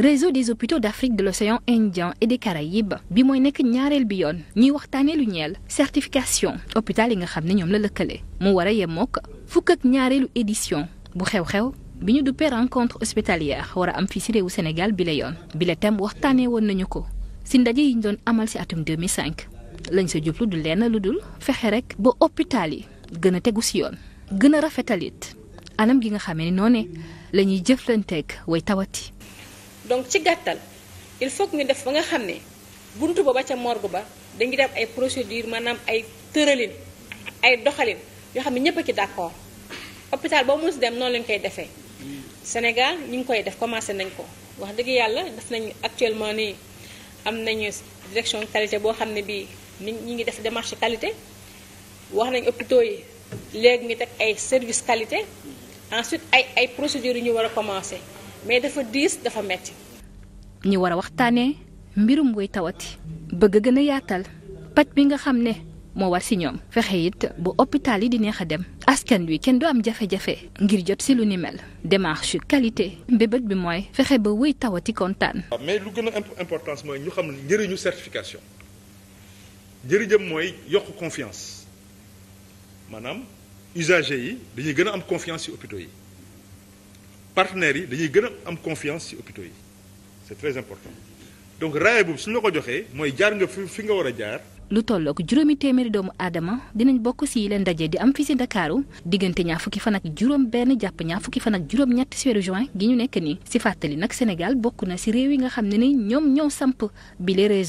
réseau des hôpitaux d'Afrique de l'océan Indien et des Caraïbes bi mooy nekk ñaareel bi yoon ñuy waxtaanee lu ñeel certification hôpital yi nga xam ne ñoom la lëkkale mu war a yemook fukk ak ñaareelu édition bu xew-xew bi ñu duppee rencontre hospitalière war a am fii ci réewu Sénégal bi la yoon bi la thème waxtaanee woon nañu ko ci ndaje yi ñu doon amal ci atum 2005 lañ sa jublu du lenn lu dul fexe rek ba hôpital yi gën a tegu ci yoon gën a rafetalit anam gi nga xamee ni noonu la ñuy jëflanteeg way tawati. donc ci gàttal il faut que ñu def ba nga xam ne buntu ba ba ca morgue ba dañuy dem ay procédure maanaam ay tëralin ay doxalin yoo xam ne ñëpp a ci d'accord hôpital boo mos dem noonu lañ koy defee. Sénégal ñu ngi koy def commencé nañ ko wax dëgg yàlla def nañ actuellement nii am nañu direction qualité boo xam ne bii ñu ngi def démarché qualité wax nañ hôpitaux yi léegi ngi teg ay service qualité ensuite ay ay procédures yu ñu war a commencé. mais dafa diis dafa metti ñi war a waxtaanee mbirum way tawati bëgg gën a yaatal paj bi nga xam ne moo war si ñoom fexe it bu hôpital yi di neex a dem askan wi kenn du am jafe-jafe ngir jot si lu ni mel démarche qualité mbébét bi mooy fexe ba wéy tawati kontaan. waaw ah, mais lu gën a importance mooy ñu xam njëriñu certification njëriñam mooy yokk confiance maanaam usager yi dañuy gën a am confiance ci hôpitaux yi. partenaires yi dañuy gën am confiance ci hôpitaux yi c'est très important donc raaya boobu suñu la ko joxee mooy jaar nga fi fi nga war a jaar. lu tollook juróomi téeméeri doomu aadama dinañ bokk ci leen ndaje di am fii si Ndakaaru diggante ñaar fukki fan ak juróom benn jàpp ñaar fukki fan ak juróom ñett ci weeru gi ñu nekk nii si fàttali nag Sénégal bokk na si réew yi nga xam ne ni ñoom ñoo samp bi les